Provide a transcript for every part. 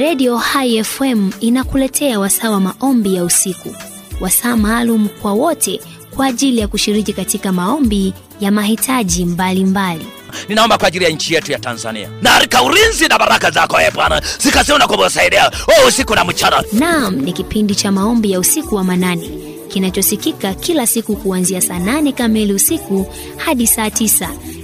Redio Hai FM inakuletea wasaa wa maombi ya usiku, wasaa maalum kwa wote kwa ajili ya kushiriki katika maombi ya mahitaji mbalimbali mbali. Ninaomba kwa ajili ya nchi yetu ya Tanzania, naarika ulinzi na baraka zako e Bwana, zikasema na o usiku na mchana. nam ni kipindi cha maombi ya usiku wa manane kinachosikika kila siku kuanzia saa nane kamili usiku hadi saa 9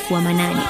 mtakatifu wa manane.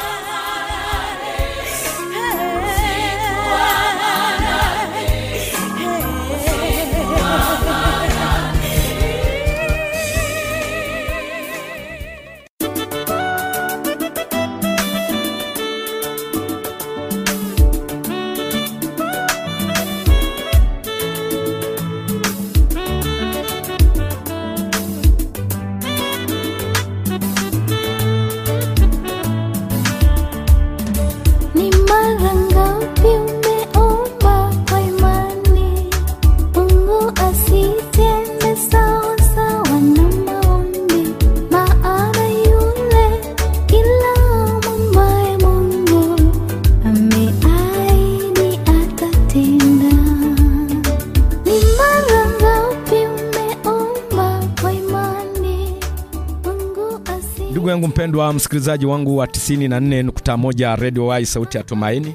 msikilizaji wangu wa 94.1 Radio Wai sauti ya Tumaini.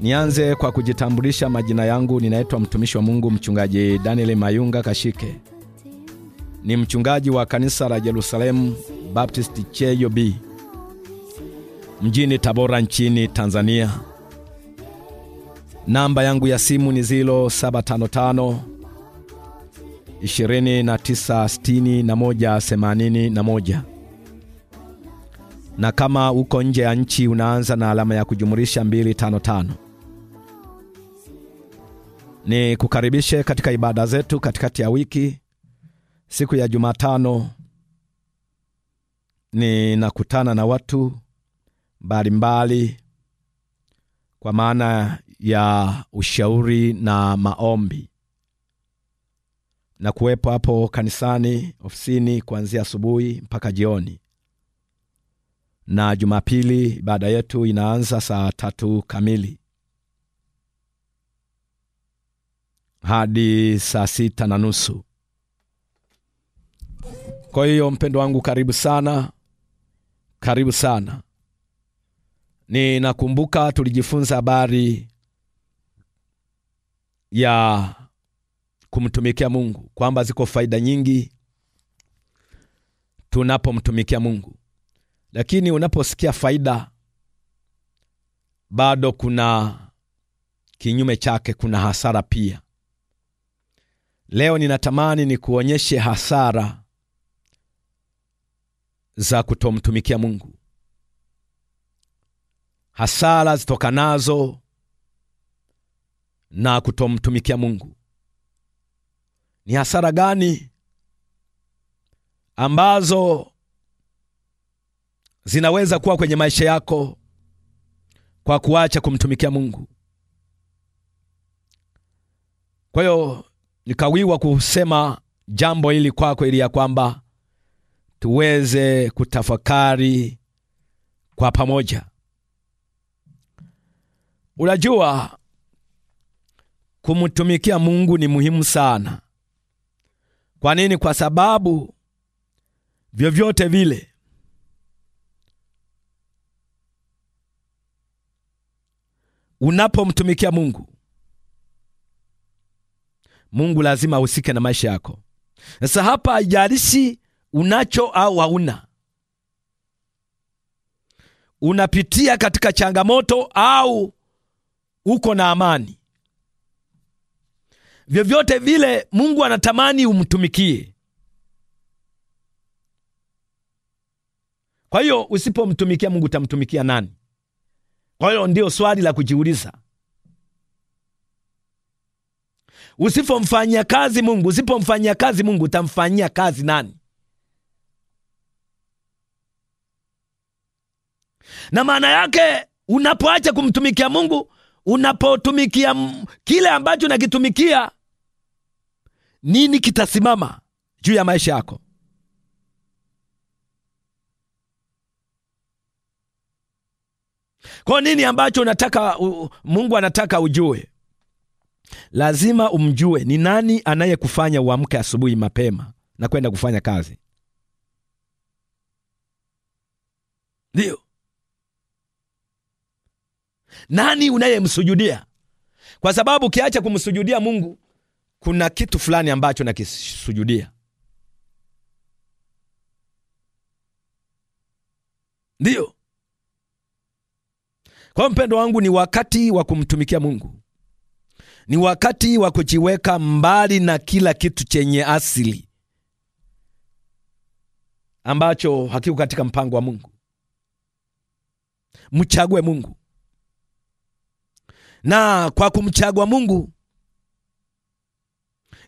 Nianze kwa kujitambulisha majina yangu, ninaitwa mtumishi wa Mungu mchungaji Daniel Mayunga Kashike. Ni mchungaji wa kanisa la Jerusalemu Baptist Cheyo B mjini Tabora nchini Tanzania. Namba yangu ya simu ni 0755 296181 na kama uko nje ya nchi unaanza na alama ya kujumulisha 255. Ni kukaribishe katika ibada zetu katikati ya wiki. Siku ya Jumatano ninakutana na watu mbalimbali kwa maana ya ushauri na maombi, na kuwepo hapo kanisani, ofisini, kuanzia asubuhi mpaka jioni na Jumapili ibada yetu inaanza saa tatu kamili hadi saa sita na nusu. Kwa hiyo mpendo wangu, karibu sana, karibu sana. Ninakumbuka tulijifunza habari ya kumtumikia Mungu, kwamba ziko faida nyingi tunapomtumikia Mungu. Lakini unaposikia faida, bado kuna kinyume chake, kuna hasara pia. Leo ninatamani nikuonyeshe hasara za kutomtumikia Mungu, hasara zitokanazo na kutomtumikia Mungu. Ni hasara gani ambazo zinaweza kuwa kwenye maisha yako kwa kuacha kumtumikia Mungu. Kwa hiyo nikawiwa kusema jambo hili kwako ili ya kwamba tuweze kutafakari kwa pamoja. Unajua, kumtumikia Mungu ni muhimu sana. Kwa nini? Kwa sababu vyovyote vile unapomtumikia Mungu, Mungu lazima ahusike na maisha yako. Sasa hapa haijalishi unacho au hauna, unapitia katika changamoto au uko na amani, vyovyote vile Mungu anatamani umtumikie. Kwa hiyo usipomtumikia Mungu utamtumikia nani? Kwa hiyo ndio swali la kujiuliza. Usipomfanyia kazi Mungu, usipomfanyia kazi Mungu, utamfanyia kazi nani? Na maana yake unapoacha kumtumikia Mungu, unapotumikia kile ambacho unakitumikia, nini kitasimama juu ya maisha yako? Kwa nini ambacho unataka Mungu anataka ujue? Lazima umjue ni nani anayekufanya uamke asubuhi mapema na kwenda kufanya kazi. Ndio nani unayemsujudia? Kwa sababu ukiacha kumsujudia Mungu, kuna kitu fulani ambacho nakisujudia. Ndio kwa mpendo wangu, ni wakati wa kumtumikia Mungu, ni wakati wa kujiweka mbali na kila kitu chenye asili ambacho hakiko katika mpango wa Mungu. Mchague Mungu, na kwa kumchagua Mungu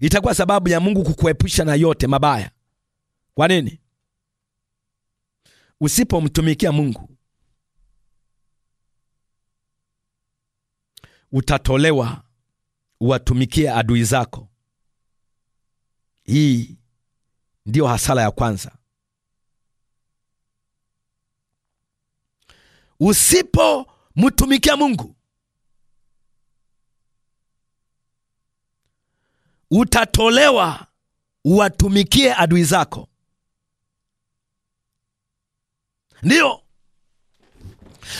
itakuwa sababu ya Mungu kukuepusha na yote mabaya. Kwa nini? Usipomtumikia Mungu utatolewa uwatumikie adui zako. Hii ndiyo hasara ya kwanza. Usipomtumikia Mungu utatolewa uwatumikie adui zako. Ndiyo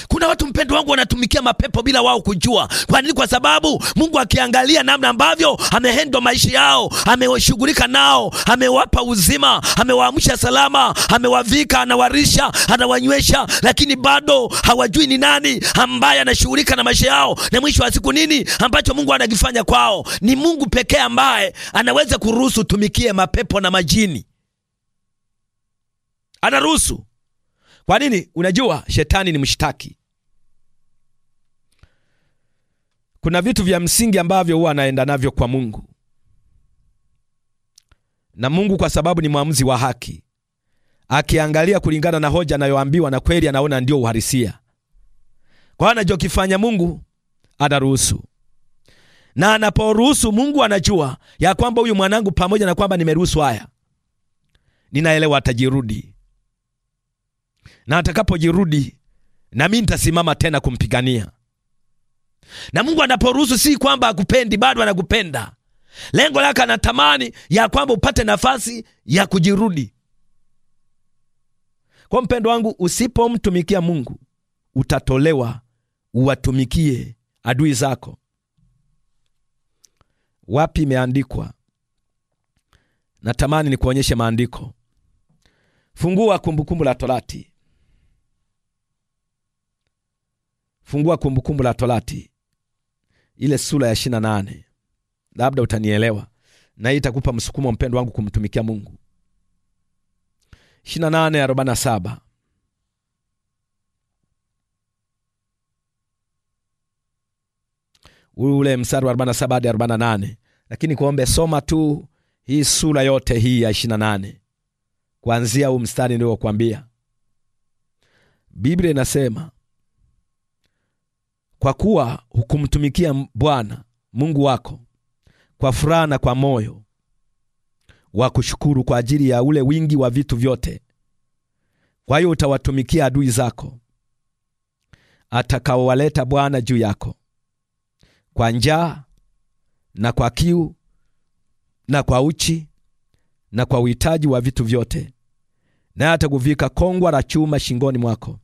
kuna watu mpendo wangu wanatumikia mapepo bila wao kujua. Kwa nini? Kwa sababu Mungu akiangalia namna ambavyo amehendwa maisha yao, ameshughulika nao, amewapa uzima, amewaamsha salama, amewavika, anawarisha, anawanywesha, lakini bado hawajui ni nani ambaye anashughulika na maisha yao, na mwisho wa siku nini ambacho Mungu anakifanya kwao. Ni Mungu pekee ambaye anaweza kuruhusu tumikie mapepo na majini, anaruhusu kwa nini? Unajua shetani ni mshtaki. Kuna vitu vya msingi ambavyo huwa anaenda navyo kwa Mungu, na Mungu kwa sababu ni mwamuzi wa haki, akiangalia kulingana na hoja anayoambiwa na kweli anaona ndio uhalisia. Kwa hiyo anachokifanya Mungu anaruhusu, na anaporuhusu Mungu anajua ya kwamba huyu mwanangu, pamoja na kwamba nimeruhusu haya, ninaelewa atajirudi na atakapojirudi nami nitasimama tena kumpigania. Na Mungu anaporuhusu, si kwamba akupendi, bado anakupenda. Lengo lake anatamani ya kwamba upate nafasi ya kujirudi. Kwa mpendo wangu, usipomtumikia Mungu utatolewa uwatumikie adui zako. Wapi imeandikwa? Natamani nikuonyeshe maandiko. Fungua Kumbukumbu la Torati Fungua Kumbukumbu la Torati ile sura ya nane labda utanielewa na hii itakupa msukumo, mpendo wangu, kumtumikia Mungu. nane saba ule msari wa saba hadi nane lakini kuombe, soma tu hii sura yote hii ya nane kuanzia huu mstari niliokwambia Biblia inasema kwa kuwa hukumtumikia Bwana Mungu wako kwa furaha na kwa moyo wa kushukuru kwa ajili ya ule wingi wa vitu vyote. Kwa hiyo utawatumikia adui zako atakaowaleta Bwana juu yako, kwa njaa na kwa kiu na kwa uchi na kwa uhitaji wa vitu vyote, naye atakuvika kongwa la chuma shingoni mwako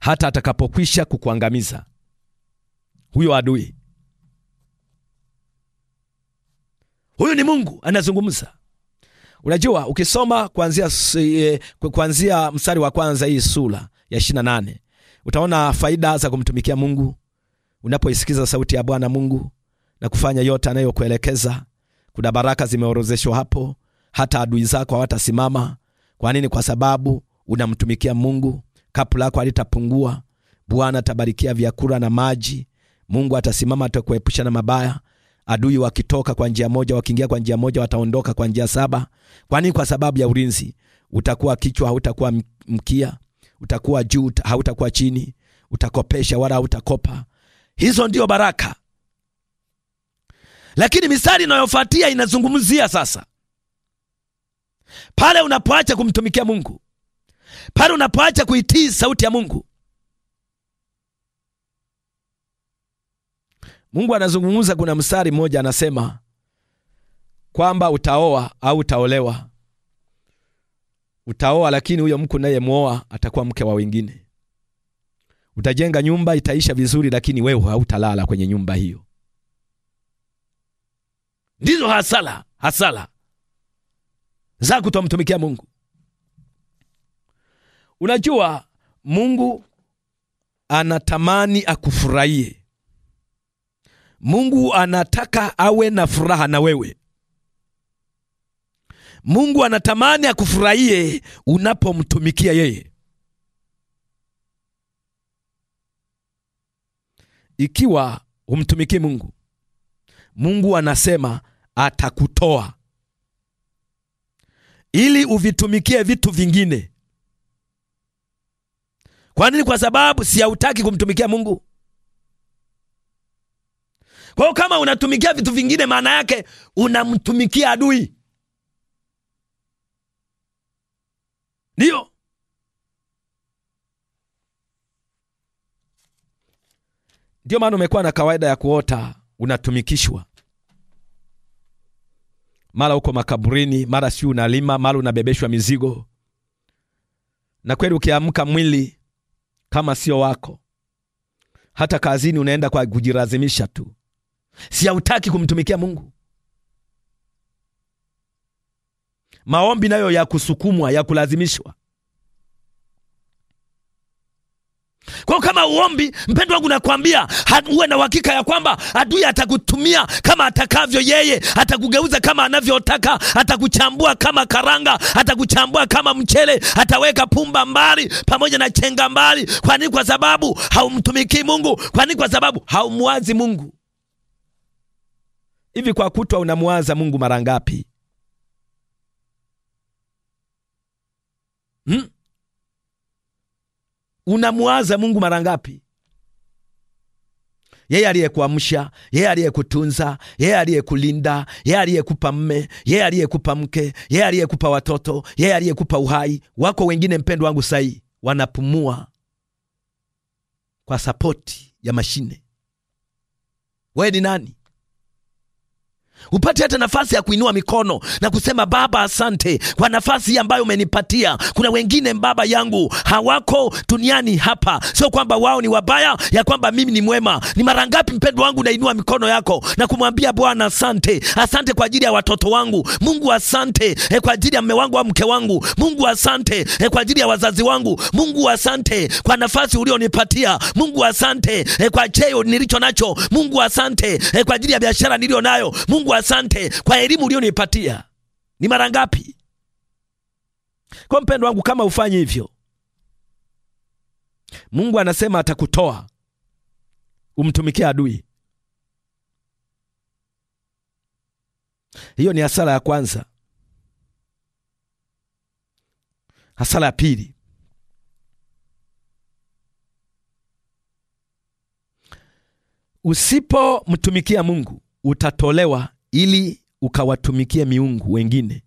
hata atakapokwisha kukuangamiza huyo adui. Huyu ni Mungu anazungumza. Unajua, ukisoma kuanzia eh, kuanzia mstari wa kwanza hii sura ya nane utaona faida za kumtumikia Mungu unapoisikiza sauti ya Bwana Mungu na kufanya yote anayokuelekeza. Kuna baraka zimeorozeshwa hapo, hata adui zako hawatasimama. Kwa nini? Kwa sababu unamtumikia Mungu. Kapu lako halitapungua. Bwana tabarikia vyakula na maji Mungu atasimama, atakuepusha na mabaya. Adui wakitoka kwa njia moja, wakiingia kwa njia moja, wataondoka kwa njia saba. Kwani kwa sababu ya ulinzi, utakuwa kichwa, hautakuwa mkia, utakuwa juu, hautakuwa chini, utakopesha wala hautakopa. Hizo ndio baraka. Lakini mistari inayofuatia inazungumzia sasa pale unapoacha kumtumikia Mungu, pale unapoacha kuitii sauti ya Mungu, Mungu anazungumza, kuna mstari mmoja anasema kwamba utaoa au utaolewa. Utaoa, lakini huyo mku naye atakuwa mke wa wengine. Utajenga nyumba itaisha vizuri, lakini wewe hautalala kwenye nyumba hiyo. Ndizo hasala hasala za kutomtumikia Mungu. Unajua Mungu anatamani akufurahie Mungu anataka awe na furaha na wewe. Mungu anatamani akufurahie unapomtumikia yeye. Ikiwa humtumikii Mungu, Mungu anasema atakutoa ili uvitumikie vitu vingine. Kwa nini? Kwa sababu si hautaki kumtumikia Mungu? Kwa hiyo kama unatumikia vitu vingine, maana yake unamtumikia adui. Ndiyo ndio maana umekuwa na kawaida ya kuota unatumikishwa, mara uko makaburini, mara si unalima, mara unabebeshwa mizigo, na kweli ukiamka mwili kama sio wako. Hata kazini unaenda kwa kujilazimisha tu si hautaki kumtumikia Mungu? Maombi nayo ya kusukumwa, ya kulazimishwa. Kwa kama uombi, mpendo wangu, nakwambia uwe na uhakika ya kwamba adui atakutumia kama atakavyo yeye, atakugeuza kama anavyotaka, atakuchambua kama karanga, atakuchambua kama mchele, ataweka pumba mbali pamoja na chenga mbali. Kwa Kwa sababu haumtumikii Mungu. kwani Kwa sababu haumwazi Mungu. Hivi kwa kutwa unamwaza Mungu mara ngapi? Hmm? Unamwaza Mungu mara ngapi? Yeye aliyekuamsha, yeye aliyekutunza, yeye aliyekulinda, yeye aliyekupa mme, yeye aliyekupa mke, yeye aliyekupa watoto, yeye aliyekupa uhai. Wako wengine mpendo wangu sahi wanapumua kwa sapoti ya mashine. Wewe ni nani? upate hata nafasi ya kuinua mikono na kusema Baba, asante kwa nafasi hii ambayo umenipatia. Kuna wengine baba yangu hawako duniani hapa, sio kwamba wao ni wabaya, ya kwamba mimi ni mwema. Ni mara ngapi mpendwa wangu unainua mikono yako na kumwambia Bwana asante, asante kwa ajili ya watoto wangu Mungu, asante e kwa ajili ya mme wangu au mke wangu Mungu, asante e kwa ajili ya wazazi wangu Mungu, asante kwa nafasi ulionipatia Mungu, asante e kwa cheo nilicho nacho Mungu, asante e kwa ajili ya biashara niliyo nayo Mungu Mungu asante kwa elimu ulionipatia. Ni mara ngapi? Kwa mpendo wangu, kama ufanye hivyo, Mungu anasema atakutoa umtumikie adui. Hiyo ni hasara ya kwanza. Hasara ya pili, usipomtumikia Mungu utatolewa ili ukawatumikia miungu wengine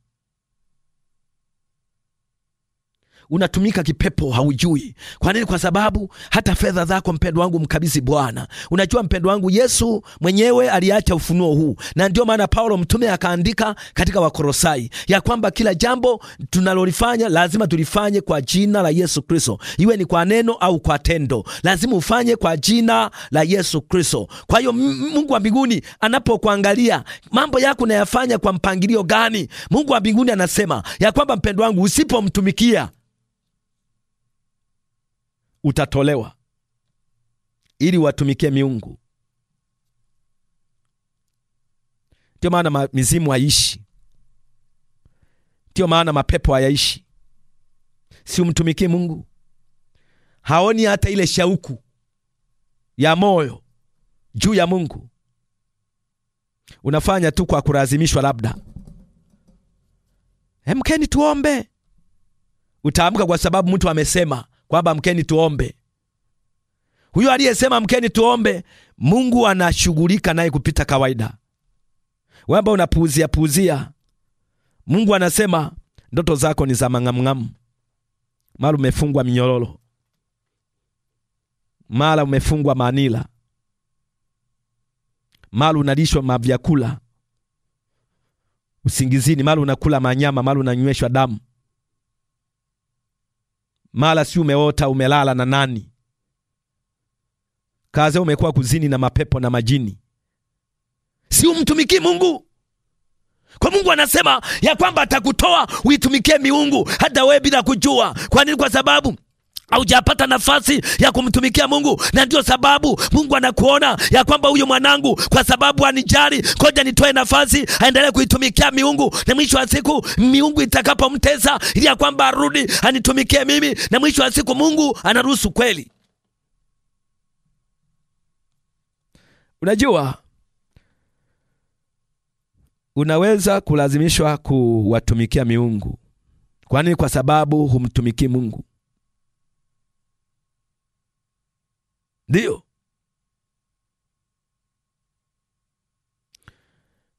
unatumika kipepo, haujui. Kwa nini? Kwa sababu hata fedha zako, mpendo wangu, mkabidhi Bwana. Unajua mpendo wangu, Yesu mwenyewe aliacha ufunuo huu, na ndio maana Paulo mtume akaandika katika Wakorosai ya kwamba kila jambo tunalolifanya lazima tulifanye kwa jina la Yesu Kristo, iwe ni kwa neno au kwa tendo, lazima ufanye kwa jina la Yesu Kristo. Kwa hiyo Mungu wa mbinguni anapokuangalia mambo yako unayafanya kwa mpangilio gani, Mungu wa mbinguni anasema ya kwamba mpendo wangu, usipomtumikia utatolewa ili watumikie miungu. ndio maana mizimu haishi, ndio maana mapepo hayaishi. Si umtumikie Mungu? Haoni hata ile shauku ya moyo juu ya Mungu. Unafanya tu kwa kulazimishwa, labda Emkeni tuombe. Utaamka kwa sababu mtu amesema, kwamba mkeni tuombe. Huyo aliyesema mkeni tuombe, Mungu anashughulika naye kupita kawaida. Wamba unapuuzia puuzia, Mungu anasema ndoto zako ni za mang'amng'amu, mara umefungwa minyororo, mara umefungwa manila, mara unalishwa mavyakula usingizini, mara unakula manyama, mara unanyweshwa damu mala si umeota umelala na nani? kaze umekuwa kuzini na mapepo na majini, si umtumikii Mungu? Kwa Mungu anasema ya kwamba atakutoa uitumikie miungu hata wewe bila kujua. Kwa nini? Kwa sababu haujapata nafasi ya kumtumikia Mungu, na ndio sababu Mungu anakuona ya kwamba huyu mwanangu, kwa sababu anijali, koja nitoe nafasi aendelee kuitumikia miungu, na mwisho wa siku miungu itakapomtesa, ili ya kwamba arudi anitumikie mimi, na mwisho wa siku Mungu anaruhusu kweli. Unajua, unaweza kulazimishwa kuwatumikia miungu. Kwani kwa sababu humtumikii Mungu Ndio.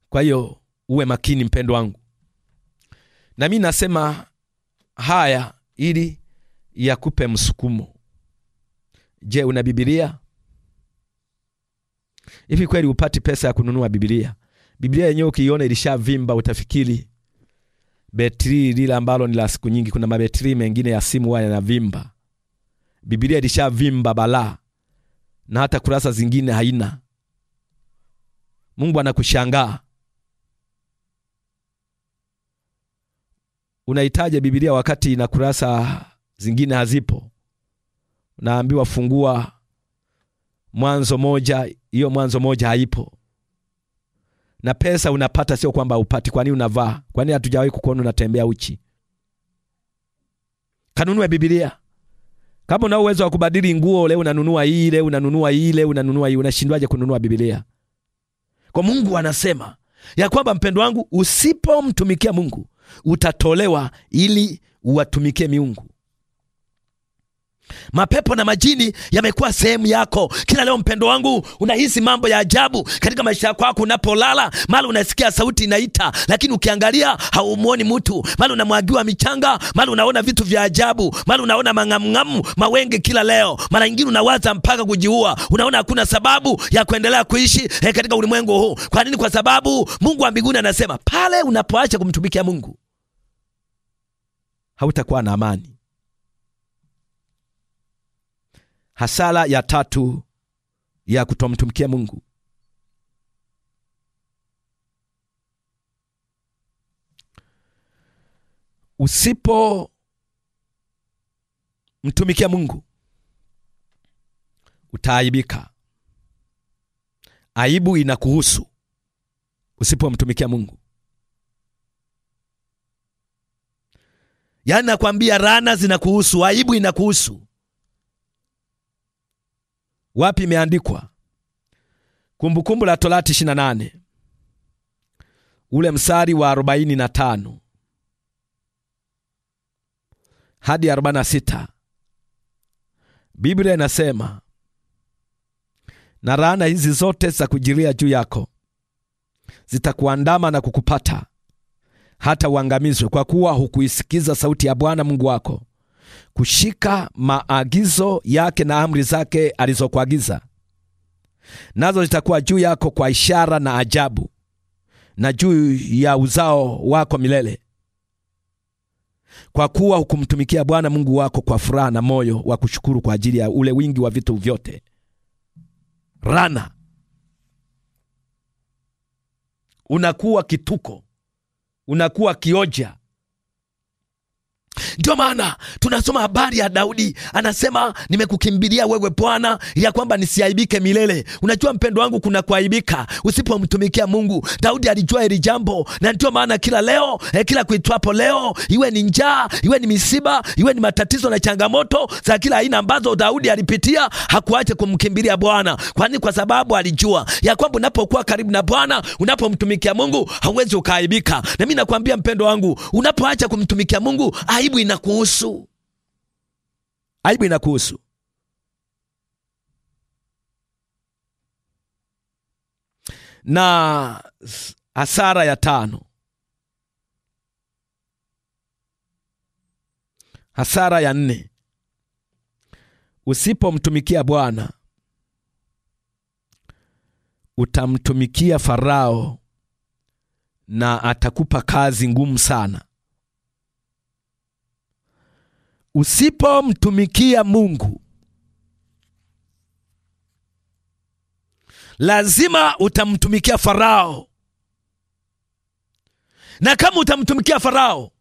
Kwa hiyo uwe makini mpendo wangu, nami nasema haya ili yakupe msukumo. Je, una Biblia? Hivi kweli upati pesa ya kununua Biblia? Biblia yenyewe ukiiona ilishavimba utafikiri betri lile ambalo ni la siku nyingi. Kuna mabetri mengine ya simu huwa yanavimba. Biblia ilishavimba balaa na hata kurasa zingine haina. Mungu anakushangaa. Unaitaja Biblia wakati na kurasa zingine hazipo? Naambiwa fungua Mwanzo moja, hiyo Mwanzo moja haipo. Na pesa unapata, sio kwamba upati. Kwani unavaa? Kwani hatujawahi kukuona unatembea uchi? Kanunue Biblia. Kama una uwezo wa kubadili nguo, leo unanunua ile, unanunua ile, unanunua ile, unashindwaje kununua Biblia? Kwa Mungu anasema ya kwamba mpendo wangu, usipomtumikia Mungu utatolewa ili uwatumikie miungu. Mapepo na majini yamekuwa sehemu yako kila leo. Mpendo wangu, unahisi mambo ya ajabu katika maisha yako yako. Unapolala mara unasikia sauti inaita, lakini ukiangalia haumuoni mtu. Mara unamwagiwa michanga, mara unaona vitu vya ajabu, mara unaona mang'amng'amu mawenge kila leo. Mara nyingine unawaza mpaka kujiua. Unaona hakuna sababu ya kuendelea kuishi eh, katika ulimwengu huu. Kwa nini? Kwa sababu Mungu wa mbinguni anasema pale unapoacha kumtumikia Mungu hautakuwa na amani. hasara ya tatu ya kutomtumikia Mungu. usipo mtumikia Mungu utaaibika. Aibu inakuhusu usipomtumikia Mungu. Yaani nakwambia, laana zinakuhusu, aibu inakuhusu. Wapi imeandikwa? Kumbukumbu la Torati 28 ule msari wa 45 hadi 46, Biblia inasema, na laana hizi zote za kujilia juu yako zitakuandama na kukupata hata uangamizwe, kwa kuwa hukuisikiza sauti ya Bwana Mungu wako kushika maagizo yake na amri zake alizokuagiza, nazo zitakuwa juu yako kwa ishara na ajabu, na juu ya uzao wako milele, kwa kuwa hukumtumikia Bwana Mungu wako kwa furaha na moyo wa kushukuru kwa ajili ya ule wingi wa vitu vyote. Rana, unakuwa kituko, unakuwa kioja ndio maana tunasoma habari ya Daudi, anasema nimekukimbilia wewe Bwana, ya kwamba nisiaibike milele. Unajua mpendo wangu, kuna kuaibika usipomtumikia Mungu. Daudi alijua hili jambo, na ndio maana kila leo eh, kila kuitwapo leo, iwe ni njaa, iwe ni misiba, iwe ni matatizo na changamoto za kila aina ambazo Daudi alipitia, hakuache kumkimbilia Bwana, kwani kwa sababu alijua ya kwamba unapokuwa karibu na Bwana, unapomtumikia Mungu hauwezi ukaaibika. Na mimi nakwambia mpendo wangu, unapoacha kumtumikia Mungu aibu inakuhusu, aibu inakuhusu. Na hasara ya tano, hasara ya nne, usipomtumikia Bwana utamtumikia Farao na atakupa kazi ngumu sana usipomtumikia Mungu lazima utamtumikia Farao, na kama utamtumikia Farao,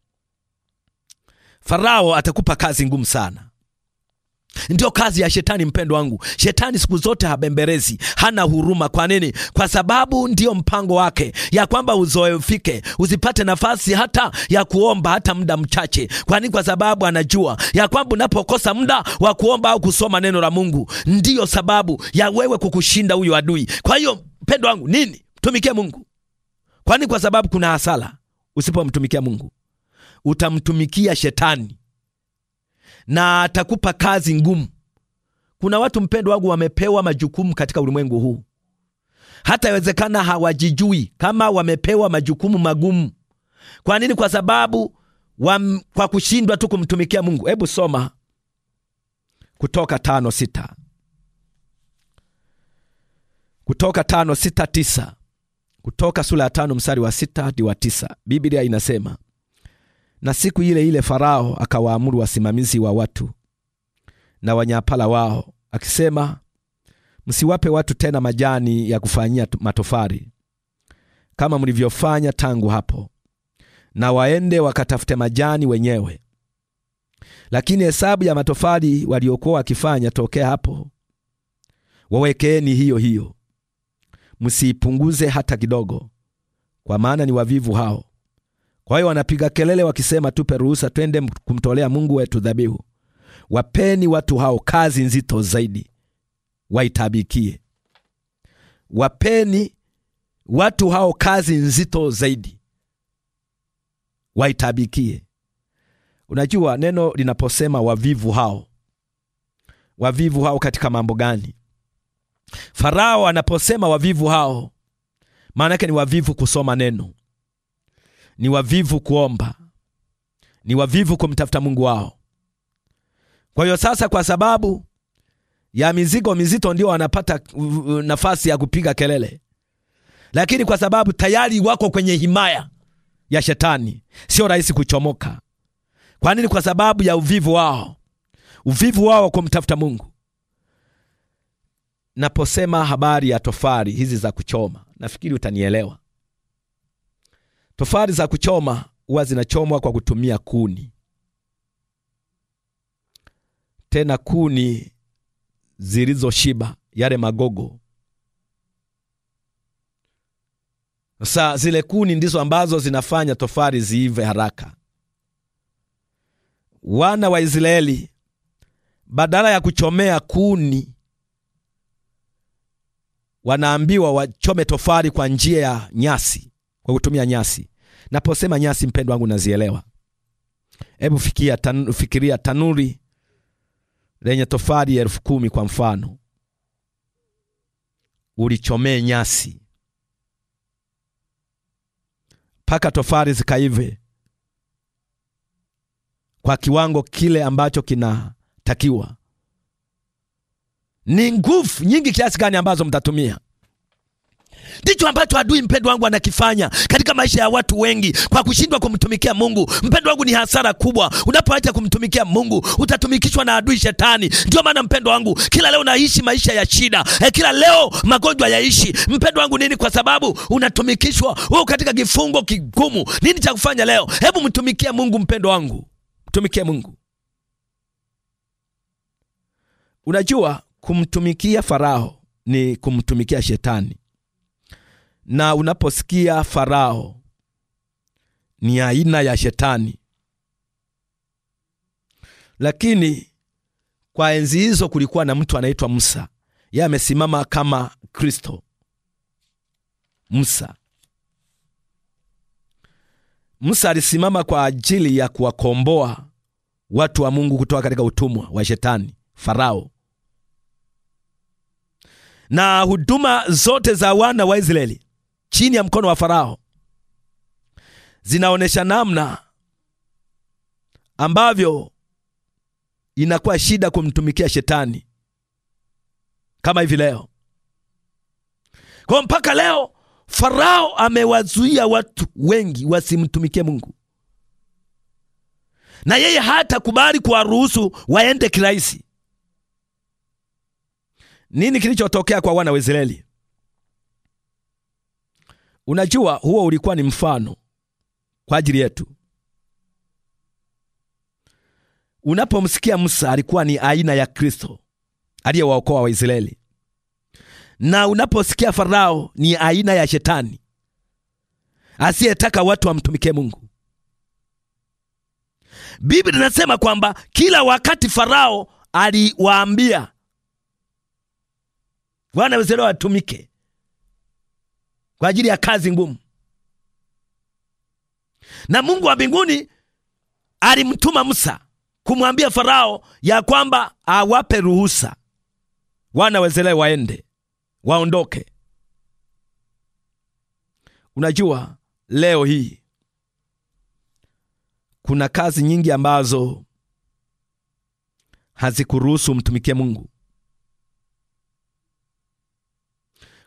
Farao atakupa kazi ngumu sana. Ndiyo kazi ya shetani, mpendo wangu. Shetani siku zote habemberezi, hana huruma. Kwa nini? Kwa sababu ndiyo mpango wake ya kwamba uzoefike, usipate nafasi hata ya kuomba hata muda mchache. Kwa nini? Kwa sababu anajua ya kwamba unapokosa muda wa kuomba au kusoma neno la Mungu, ndiyo sababu ya wewe kukushinda huyo adui. Kwa hiyo mpendo wangu, nini? Tumikie Mungu. Kwa nini? Kwa sababu kuna hasara usipomtumikia Mungu, utamtumikia shetani na atakupa kazi ngumu. Kuna watu mpendo wangu wamepewa majukumu katika ulimwengu huu, hata iwezekana hawajijui kama wamepewa majukumu magumu. Kwa nini? Kwa sababu wam, kwa kushindwa tu kumtumikia Mungu. Hebu soma Kutoka tano sita Kutoka tano sita tisa Kutoka sura ya tano mstari wa sita hadi wa tisa Biblia inasema na siku ile ile Farao akawaamuru wasimamizi wa watu na wanyapala wao, akisema, msiwape watu tena majani ya kufanyia matofari kama mlivyofanya tangu hapo, na waende wakatafute majani wenyewe. Lakini hesabu ya matofali waliokuwa wakifanya tokea hapo, wawekeeni hiyo hiyo, msiipunguze hata kidogo, kwa maana ni wavivu hao. Kwa hiyo wanapiga kelele wakisema, tupe ruhusa twende kumtolea Mungu wetu dhabihu. Wapeni watu hao kazi nzito zaidi waitabikie. Wapeni watu hao kazi nzito zaidi waitabikie. Unajua, neno linaposema wavivu hao, wavivu hao katika mambo gani? Farao anaposema wavivu hao, maana yake ni wavivu kusoma neno ni wavivu kuomba, ni wavivu kumtafuta Mungu wao. Kwa hiyo sasa, kwa sababu ya mizigo mizito, ndio wanapata nafasi ya kupiga kelele, lakini kwa sababu tayari wako kwenye himaya ya Shetani, sio rahisi kuchomoka. Kwa nini? Kwa sababu ya uvivu wao, uvivu wao kumtafuta Mungu. Naposema habari ya tofali hizi za kuchoma, nafikiri utanielewa. Tofali za kuchoma huwa zinachomwa kwa kutumia kuni, tena kuni zilizoshiba, yale magogo. Sasa zile kuni ndizo ambazo zinafanya tofali ziive haraka. Wana wa Israeli badala ya kuchomea kuni, wanaambiwa wachome tofali kwa njia ya nyasi, kwa kutumia nyasi. Naposema nyasi, mpendwa wangu, nazielewa. Hebu fikiria, tan, fikiria tanuri lenye tofali elfu kumi kwa mfano, ulichomee nyasi mpaka tofali zikaive kwa kiwango kile ambacho kinatakiwa. Ni nguvu nyingi kiasi gani ambazo mtatumia? Ndicho ambacho adui mpendo wangu anakifanya katika maisha ya watu wengi kwa kushindwa kumtumikia Mungu. mpendo wangu, ni hasara kubwa unapoacha kumtumikia Mungu, utatumikishwa na adui shetani. Ndio maana mpendo wangu, kila leo naishi maisha ya shida e, kila leo magonjwa yaishi. mpendo wangu, nini? Kwa sababu unatumikishwa wewe katika kifungo kigumu. Nini cha kufanya leo? Hebu mtumikie Mungu mpendo wangu, mtumikie Mungu. Unajua, kumtumikia Farao ni kumtumikia shetani na unaposikia Farao ni aina ya shetani, lakini kwa enzi hizo kulikuwa na mtu anaitwa Musa, yeye amesimama kama Kristo. Musa Musa alisimama kwa ajili ya kuwakomboa watu wa Mungu kutoka katika utumwa wa shetani Farao, na huduma zote za wana wa Israeli chini ya mkono wa Farao zinaonyesha namna ambavyo inakuwa shida kumtumikia shetani kama hivi leo. Kwa mpaka leo Farao amewazuia watu wengi wasimtumikie Mungu, na yeye hatakubali kuwaruhusu waende kirahisi. Nini kilichotokea kwa wana wa Israeli? Unajua, huo ulikuwa ni mfano kwa ajili yetu. Unapomsikia Musa, alikuwa ni aina ya Kristo aliyewaokoa Waisraeli, na unaposikia Farao, ni aina ya shetani asiyetaka watu wamtumikie Mungu. Biblia inasema kwamba kila wakati Farao aliwaambia wana Waisraeli watumike kwa ajili ya kazi ngumu, na Mungu wa mbinguni alimtuma Musa kumwambia Farao ya kwamba awape ruhusa wana wezele waende waondoke. Unajua, leo hii kuna kazi nyingi ambazo hazikuruhusu mtumikie Mungu.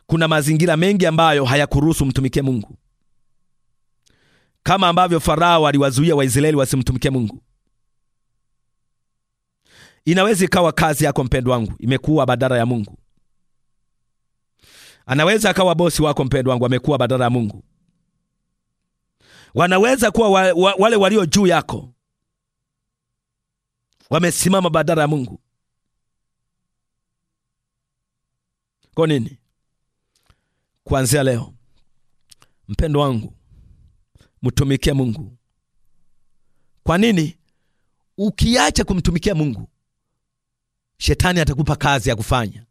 kuna mazingira mengi ambayo hayakuruhusu mtumikie Mungu, kama ambavyo Farao aliwazuia Waisraeli wasimtumikie Mungu. Inaweza ikawa kazi yako mpendwa wangu imekuwa badala ya Mungu. Anaweza akawa bosi wako mpendwa wangu amekuwa badala ya Mungu. Wanaweza kuwa wa, wa, wale walio juu yako wamesimama badala ya Mungu. Kwa nini? kuanzia leo, mpendo wangu, mtumikie Mungu. Kwa nini? Ukiacha kumtumikia Mungu, shetani atakupa kazi ya kufanya.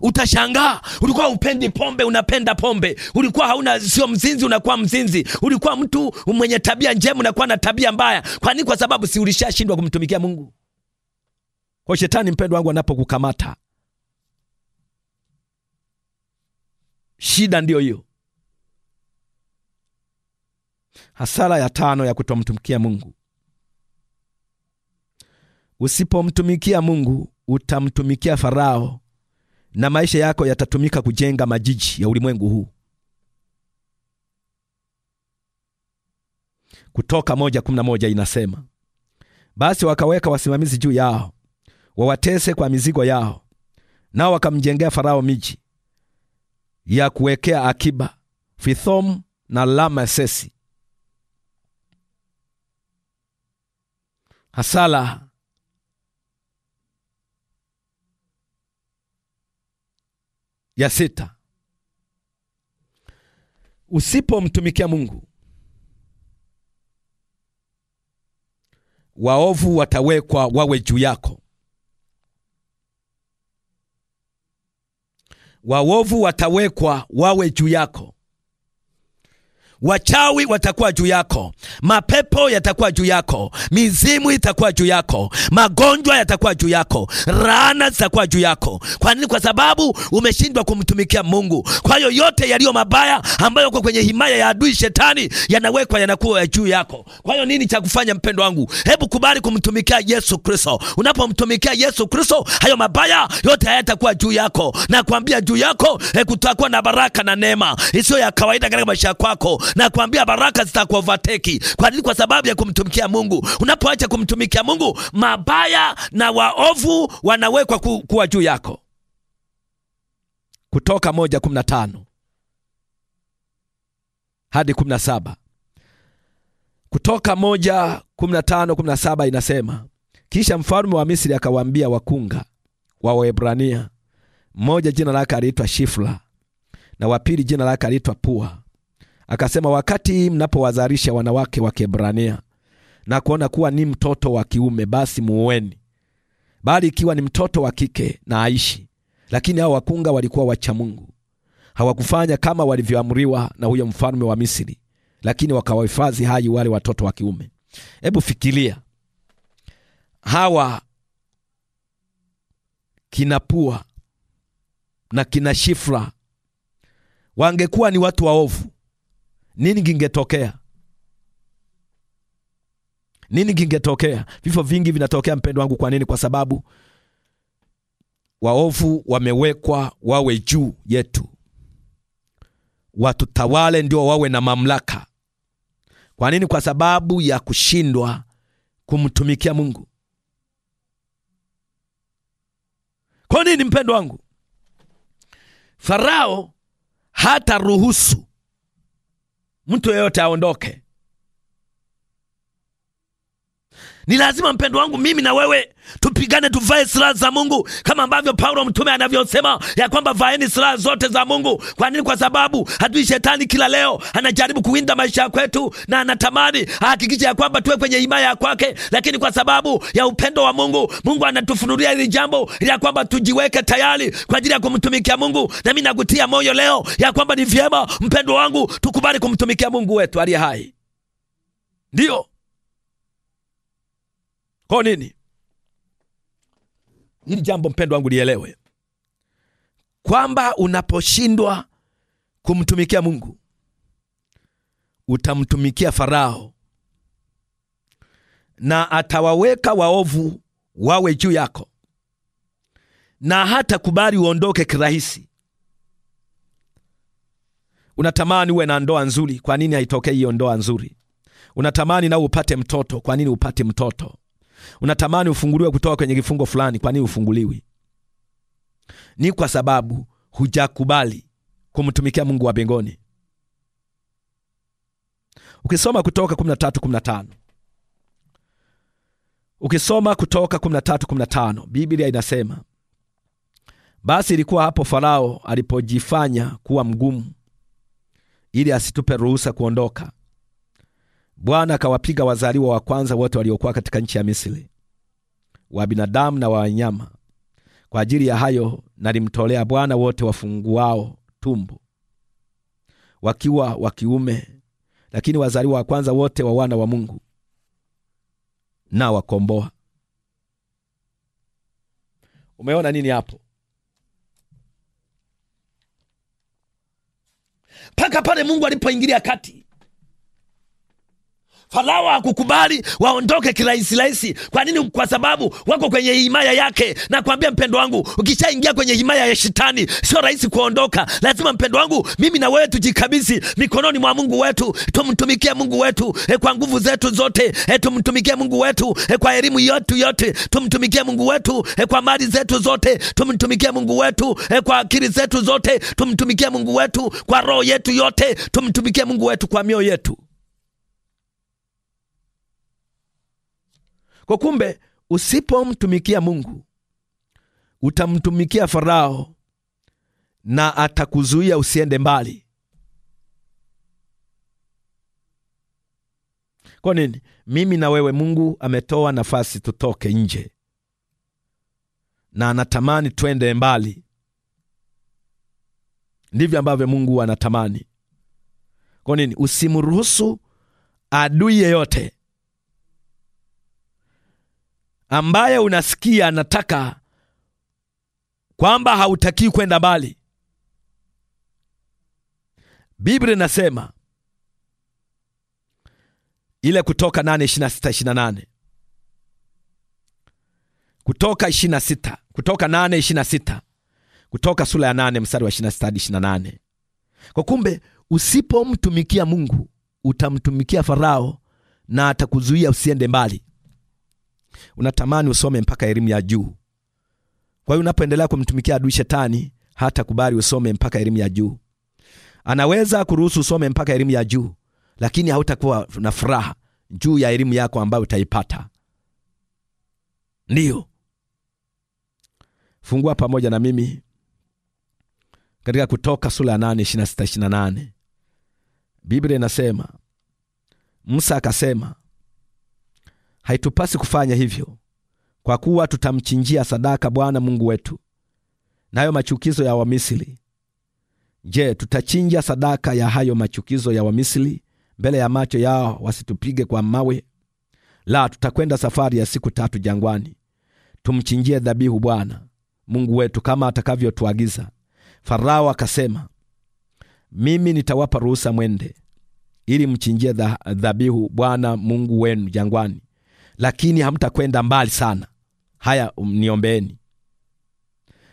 Utashangaa, ulikuwa upendi pombe, unapenda pombe. Ulikuwa hauna, sio mzinzi, unakuwa mzinzi. Ulikuwa mtu mwenye tabia njema, unakuwa na tabia mbaya. Kwa nini? Kwa sababu si ulishashindwa kumtumikia Mungu. Kwa shetani, mpendo wangu, anapokukamata Shida ndiyo hiyo. Hasara ya tano ya kutomtumikia Mungu. Usipomtumikia Mungu utamtumikia Farao, na maisha yako yatatumika kujenga majiji ya ulimwengu huu. Kutoka moja kumi na moja inasema, basi wakaweka wasimamizi juu yao wawatese kwa mizigo yao, nao wakamjengea Farao miji ya kuwekea akiba, Fithom na lamesesi. Hasala ya sita, usipomtumikia Mungu waovu watawekwa wawe juu yako. waovu watawekwa wawe juu yako. Wachawi watakuwa juu yako, mapepo yatakuwa juu yako, mizimu itakuwa juu yako, magonjwa yatakuwa juu yako, laana zitakuwa juu yako. Kwa nini? Kwa sababu umeshindwa kumtumikia Mungu. Kwa hiyo yote yaliyo mabaya ambayo uko kwenye himaya ya adui shetani yanawekwa, yanakuwa ya juu yako. Kwa hiyo nini cha kufanya, mpendo wangu? Hebu kubali kumtumikia Yesu Kristo. Unapomtumikia Yesu Kristo, hayo mabaya yote hayatakuwa juu yako. Nakwambia juu yako, eh, kutakuwa na baraka na neema isiyo ya kawaida katika maisha yako na kuambia baraka zitakuovateki. Kwa nini? Kwa sababu ya kumtumikia Mungu. Unapoacha kumtumikia Mungu, mabaya na waovu wanawekwa ku, kuwa juu yako. Kutoka moja kumi na tano hadi kumi na saba. Kutoka moja kumi na tano kumi na saba inasema kisha mfalme wa Misri akawaambia wakunga wa Waebrania, mmoja jina lake aliitwa Shifra na wapili jina lake aliitwa Pua, Akasema, wakati mnapowazalisha wanawake wa Kiebrania na kuona kuwa ni mtoto wa kiume, basi muueni bali ikiwa ni mtoto wa kike na aishi. Lakini hao wakunga walikuwa wacha Mungu, hawakufanya kama walivyoamriwa na huyo mfalme wa Misri, lakini wakawahifadhi hai wale watoto wa kiume. Hebu fikiria hawa kinapua na kina Shifra wangekuwa ni watu waovu, nini kingetokea? Nini kingetokea? Vifo vingi vinatokea, mpendo wangu. Kwa nini? Kwa sababu waovu wamewekwa wawe juu yetu, watutawale, ndio wawe na mamlaka. Kwa nini? Kwa sababu ya kushindwa kumtumikia Mungu. Kwa nini, mpendo wangu? Farao hata ruhusu mtu yeyote aondoke. Ni lazima mpendo wangu, mimi na wewe tupigane, tuvae silaha za Mungu kama ambavyo Paulo mtume anavyosema ya kwamba vaeni silaha zote za Mungu. Kwa nini? Kwa sababu hatui shetani kila leo anajaribu kuwinda maisha kwetu, na anatamani ahakikishe ya kwamba tuwe kwenye ya kwake, lakini kwa sababu ya upendo wa Mungu, Mungu anatufunulia hili jambo ya kwamba tujiweke tayari kwa ajili ya kumtumikia Mungu. Nami nakutia moyo leo ya kwamba ni vyema mpendo wangu, tukubali kumtumikia Mungu wetu aliye hai, ndio kwa nini? Hili jambo mpendo wangu lielewe, kwamba unaposhindwa kumtumikia Mungu utamtumikia Farao na atawaweka waovu wawe juu yako, na hata kubali uondoke kirahisi. Unatamani uwe na ndoa nzuri, kwa nini haitokei hiyo ndoa nzuri? Unatamani na upate mtoto, kwa nini upate mtoto? unatamani ufunguliwe kutoka kwenye kifungo fulani. Kwa nini ufunguliwi? Ni kwa sababu hujakubali kumtumikia Mungu wa mbinguni. Ukisoma Kutoka 13:15 ukisoma Kutoka 13:15 Biblia inasema basi ilikuwa hapo Farao alipojifanya kuwa mgumu ili asitupe ruhusa kuondoka Bwana akawapiga wazaliwa wa kwanza wote waliokuwa katika nchi ya Misri, wa binadamu na wa wanyama. Kwa ajili ya hayo nalimtolea Bwana wote wafunguao tumbo, wakiwa wa kiume, lakini wazaliwa wa kwanza wote wa wana wa Mungu na wakomboa. Umeona nini hapo? Mpaka pale Mungu alipoingilia kati Farao hakukubali waondoke kirahisi rahisi. Kwa nini? Kwa sababu wako kwenye himaya yake. Na mpendo wangu, ukishaingia kwenye himaya ya Shetani sio rahisi kuondoka. Lazima mpendo wangu, mimi na wewe tujikabidhi mikononi mwa Mungu wetu, tumtumikie Mungu wetu e, kwa nguvu zetu zote e, tumtumikie Mungu wetu e, kwa elimu yetu yote, tumtumikie Mungu wetu e, kwa mali zetu zote, tumtumikie Mungu wetu e, kwa akili zetu zote, tumtumikie Mungu wetu kwa roho yetu yote, tumtumikie Mungu wetu kwa mioyo yetu. Kwa kumbe, usipomtumikia Mungu utamtumikia Farao na atakuzuia usiende mbali. Kwa nini? Mimi na wewe, Mungu ametoa nafasi tutoke nje na anatamani twende mbali. Ndivyo ambavyo Mungu anatamani. Kwa nini? Usimruhusu adui yeyote ambaye unasikia anataka kwamba hautakii kwenda mbali, Biblia inasema ile Kutoka 8:26-28 Kutoka 26 Kutoka 8:26 Kutoka sura ya 8 mstari wa 26 hadi 28. Kwa kumbe, usipomtumikia Mungu utamtumikia Farao na atakuzuia usiende mbali unatamani usome mpaka elimu ya juu. Kwa hiyo unapoendelea kumtumikia adui shetani, hata kubali usome mpaka elimu ya juu. Anaweza kuruhusu usome mpaka elimu ya juu, lakini hautakuwa na furaha juu ya elimu yako ambayo utaipata. Ndiyo, fungua pamoja na mimi katika Kutoka sura ya 8 na nane Biblia inasema Musa akasema haitupasi kufanya hivyo, kwa kuwa tutamchinjia sadaka Bwana Mungu wetu, nayo machukizo ya Wamisri. Je, tutachinja sadaka ya hayo machukizo ya Wamisri mbele ya macho yao, wasitupige kwa mawe? La, tutakwenda safari ya siku tatu jangwani, tumchinjie dhabihu Bwana Mungu wetu kama atakavyotuagiza. Farao akasema, mimi nitawapa ruhusa mwende ili mchinjie dhabihu Bwana Mungu wenu jangwani, lakini hamtakwenda mbali sana. Haya, niombeeni,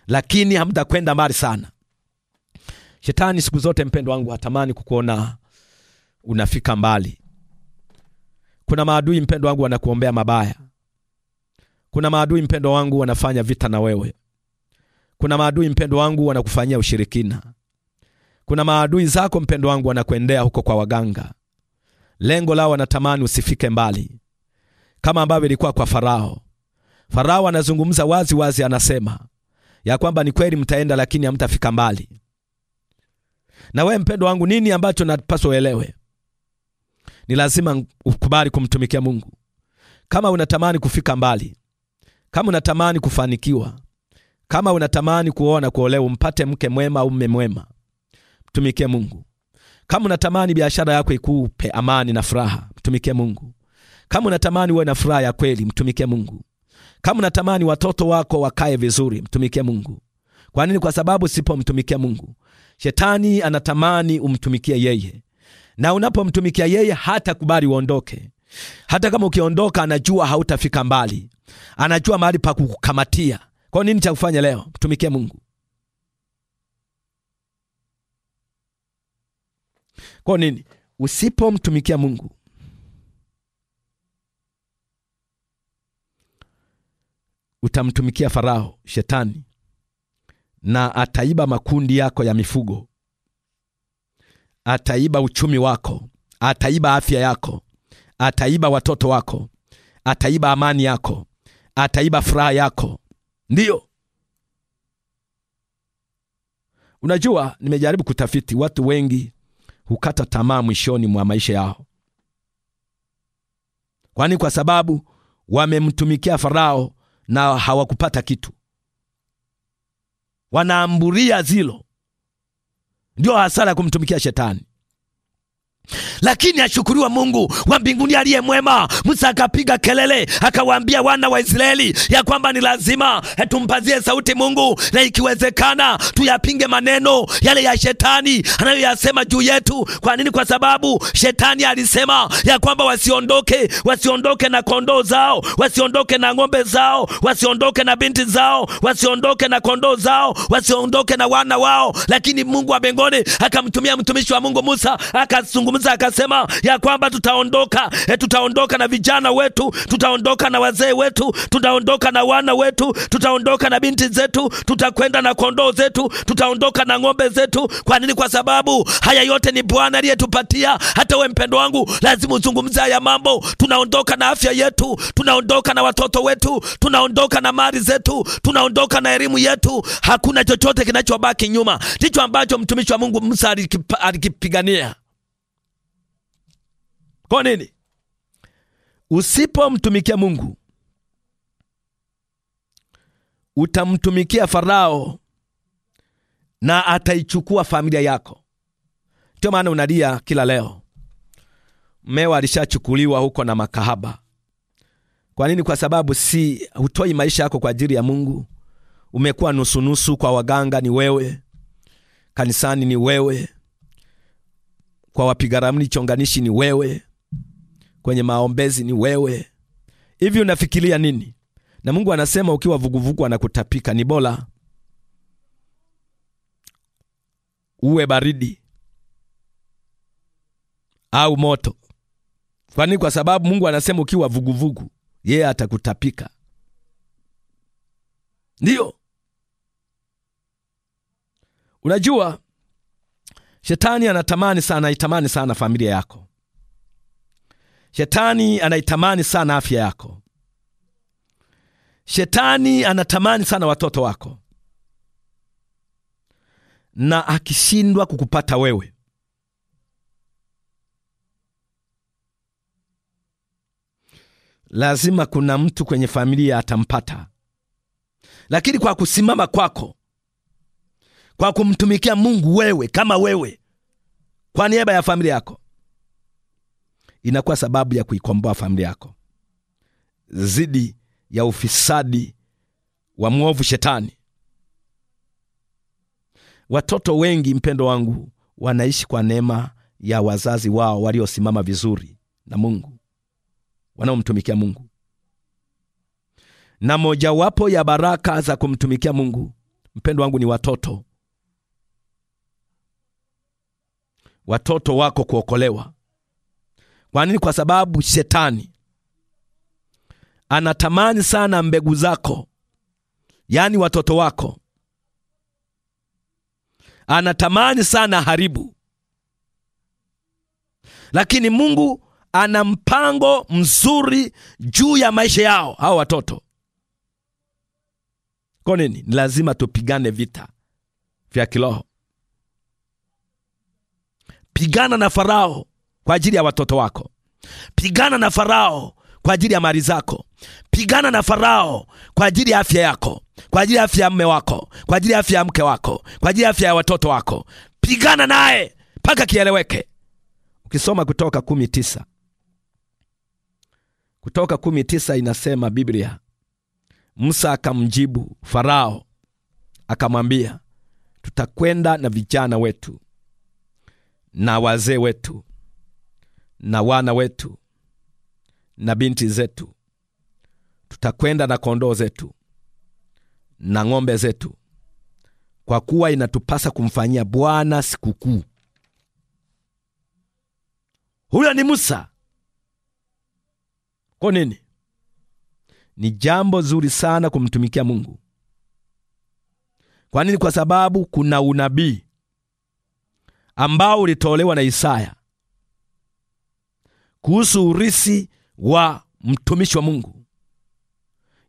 lakini hamtakwenda mbali sana. Shetani siku zote, mpendo wangu, hatamani kukuona unafika mbali. Kuna maadui, mpendo wangu, wanakuombea mabaya. Kuna maadui, mpendo wangu, wanafanya vita na wewe. Kuna maadui, mpendo wangu, wanakufanyia ushirikina. Kuna maadui zako, mpendo wangu, wanakuendea huko kwa waganga. Lengo lao wanatamani usifike mbali kama ambavyo ilikuwa kwa Farao. Farao anazungumza wazi wazi, anasema ya kwamba ni kweli mtaenda, lakini hamtafika mbali. Na wewe mpendo wangu, nini ambacho napaswa uelewe? Ni lazima ukubali kumtumikia Mungu kama unatamani kufika mbali, kama unatamani kufanikiwa, kama unatamani kuona kuolewa, umpate mke mwema au mume mwema, mtumikie Mungu. Kama unatamani biashara yako ikupe amani na furaha, mtumikie Mungu. Kama unatamani uwe na furaha ya kweli, mtumikie Mungu. Kama unatamani watoto wako wakae vizuri, mtumikie Mungu. Kwa nini? Kwa sababu sipomtumikia Mungu, shetani anatamani umtumikie yeye, na unapomtumikia yeye hata kubali uondoke. Hata kama ukiondoka, anajua hautafika mbali, anajua mahali pa kukukamatia. Kwa nini? Cha kufanya leo, mtumikie Mungu. Kwa nini? Usipomtumikia Mungu utamtumikia Farao Shetani, na ataiba makundi yako ya mifugo, ataiba uchumi wako, ataiba afya yako, ataiba watoto wako, ataiba amani yako, ataiba furaha yako. Ndiyo, unajua, nimejaribu kutafiti, watu wengi hukata tamaa mwishoni mwa maisha yao, kwani kwa sababu wamemtumikia Farao na hawakupata kitu, wanaamburia zilo. Ndio hasara ya kumtumikia shetani lakini ashukuriwa Mungu wa mbinguni aliye mwema. Musa akapiga kelele akawaambia wana wa Israeli ya kwamba ni lazima eh, tumpazie sauti Mungu, na ikiwezekana tuyapinge maneno yale ya shetani anayoyasema juu yetu. Kwa nini? Kwa sababu shetani alisema ya kwamba wasiondoke, wasiondoke na kondoo zao, wasiondoke na ng'ombe zao, wasiondoke na binti zao, wasiondoke na kondoo zao, wasiondoke na wana wao. Lakini Mungu wa mbinguni akamtumia mtumishi wa Mungu Musa akasungu akazungumza akasema ya kwamba tutaondoka e, tutaondoka na vijana wetu, tutaondoka na wazee wetu, tutaondoka na wana wetu, tutaondoka na binti zetu, tutakwenda na kondoo zetu, tutaondoka na ng'ombe zetu. Kwa nini? Kwa sababu haya yote ni Bwana aliyetupatia. Hata we mpendo wangu, lazima uzungumze haya mambo. Tunaondoka na afya yetu, tunaondoka na watoto wetu, tunaondoka na mali zetu, tunaondoka na elimu yetu. Hakuna chochote kinachobaki nyuma, ndicho ambacho mtumishi wa Mungu Musa alikipigania. Kwa nini? Usipomtumikia Mungu utamtumikia Farao na ataichukua familia yako. Ndio maana unalia kila leo, mmewa alishachukuliwa huko na makahaba. Kwa nini? Kwa sababu si hutoi maisha yako kwa ajili ya Mungu. Umekuwa nusunusu, kwa waganga ni wewe, kanisani ni wewe, kwa wapigaramni chonganishi ni wewe, kwenye maombezi ni wewe. Hivi unafikiria nini? Na Mungu anasema ukiwa vuguvugu anakutapika, ni bora uwe baridi au moto. Kwani kwa sababu Mungu anasema ukiwa vuguvugu yeye atakutapika. Ndiyo, unajua shetani anatamani sana, aitamani sana familia yako Shetani anaitamani sana afya yako. Shetani anatamani sana watoto wako, na akishindwa kukupata wewe, lazima kuna mtu kwenye familia atampata. Lakini kwa kusimama kwako, kwa kumtumikia Mungu wewe kama wewe, kwa niaba ya familia yako inakuwa sababu ya kuikomboa familia yako zidi ya ufisadi wa mwovu Shetani. Watoto wengi, mpendo wangu, wanaishi kwa neema ya wazazi wao waliosimama vizuri na Mungu, wanaomtumikia Mungu. Na mojawapo ya baraka za kumtumikia Mungu, mpendo wangu, ni watoto watoto wako kuokolewa. Kwa nini? Kwa sababu shetani anatamani sana mbegu zako, yaani watoto wako. Anatamani sana haribu, lakini Mungu ana mpango mzuri juu ya maisha yao hao watoto. Kwa nini? Ni lazima tupigane vita vya kiroho. Pigana na Farao kwa ajili ya watoto wako. Pigana na Farao kwa ajili ya mali zako. Pigana na Farao kwa ajili ya afya yako, kwa ajili ya afya ya mme wako, kwa ajili ya afya ya mke wako, kwa ajili ya afya ya watoto wako. Pigana naye mpaka kieleweke. Ukisoma Kutoka kumi tisa Kutoka kumi tisa inasema Biblia, Musa akamjibu Farao akamwambia, tutakwenda na vijana wetu na wazee wetu na wana wetu na binti zetu, tutakwenda na kondoo zetu na ng'ombe zetu, kwa kuwa inatupasa kumfanyia Bwana sikukuu. Huyo ni Musa. Kwa nini? Ni jambo zuri sana kumtumikia Mungu. Kwa nini? Kwa sababu kuna unabii ambao ulitolewa na Isaya kuhusu urisi wa mtumishi wa Mungu.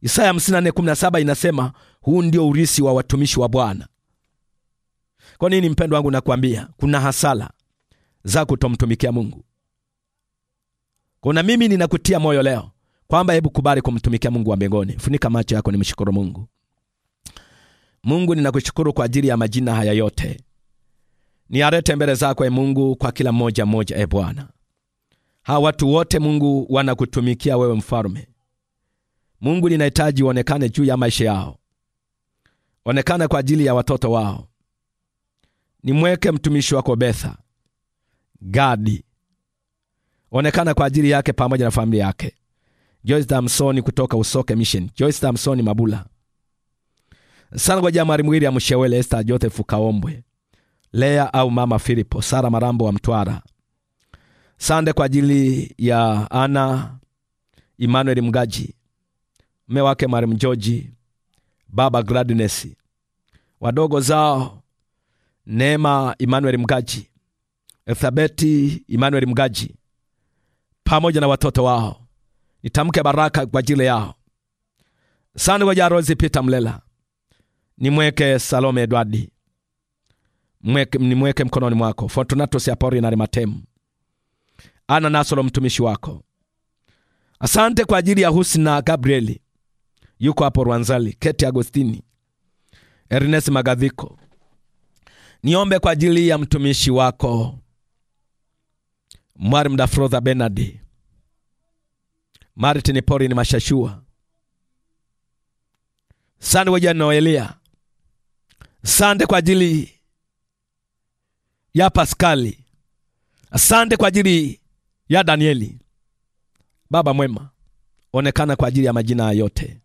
Isaya 54:17 inasema huu ndio urisi wa watumishi wa Bwana. Kwa nini mpendwa wangu, nakwambia kuna hasala za kutomtumikia Mungu. Kuna mimi ninakutia moyo leo kwamba hebu kubali kumtumikia Mungu wa mbinguni. Funika macho yako, nimshukuru Mungu. Mungu, ninakushukuru kwa ajili ya majina haya yote, niarete mbele zako e Mungu, kwa kila mmoja mmoja, e Bwana. Hawa watu wote Mungu wanakutumikia wewe mfalme. Mungu ninahitaji uonekane juu ya maisha yao. Onekana kwa ajili ya watoto wao. Nimweke mtumishi wako Betha Gadi. Onekana kwa ajili yake pamoja na familia yake. Joyce Damsoni kutoka Usoke Mission. Joyce Damsoni Mabula. sana Sangoja Marimwiri ya Mshewele Esther Joseph Kaombwe. Lea au Mama Filipo, Sara Marambo wa Mtwara. Sande kwa ajili ya Ana Emmanuel Mgaji, mme wake Mariam George, baba Gladness, wadogo zao Neema Emmanuel Mgaji, Elizabeti Emmanuel Mgaji pamoja na watoto wao. Nitamke baraka kwa ajili yao. Sande kwa Jarozi Peter Mlela, nimweke Salome Edwadi, nimweke mkononi mwako. Fortunatus Apori na ana Nasolo mtumishi wako. Asante kwa ajili ya Husna Gabrieli, yuko hapo Rwanzali, Keti Agostini, Ernest Magadhiko. Niombe kwa ajili ya mtumishi wako Mwalimu Dafrodha Benadi, Martin Porin Mashashua, sande weja Noelia, sande kwa ajili ya Paskali, asante kwa ajili ya Danieli. Baba mwema, onekana kwa ajili ya majina yote.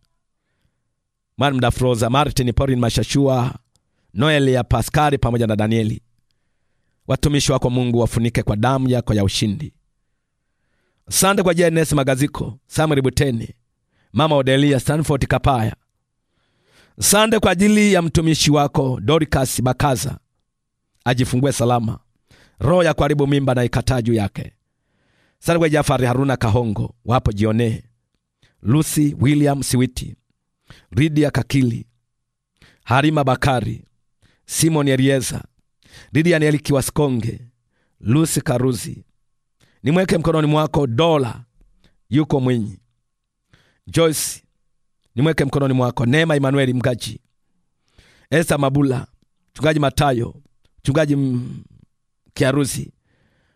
Madam Froza, Martin, Porin, Mashashua, Noel ya Paskari pamoja na Danieli. Watumishi wako Mungu wafunike kwa damu yako ya ushindi. Asante kwa Jenes Magaziko, Samuel Buteni, Mama Odelia Stanford Kapaya. Asante kwa ajili ya mtumishi wako Dorcas Bakaza. Ajifungue salama. Roho ya kuharibu mimba na ikataa juu yake. Salwe Jafari, Haruna Kahongo wapo Jionee, Lucy William Siwiti, Ridia Kakili, Harima Bakari, Simon Erieza, Ridia Nieli Kiwaskonge, Lucy Karuzi. Nimweke mkononi mwako Dola, yuko Mwinyi, Joyce nimweke mkononi mwako Neema Emanueli Mgaji, Esta Mabula, Mchungaji Matayo, Mchungaji Kiaruzi,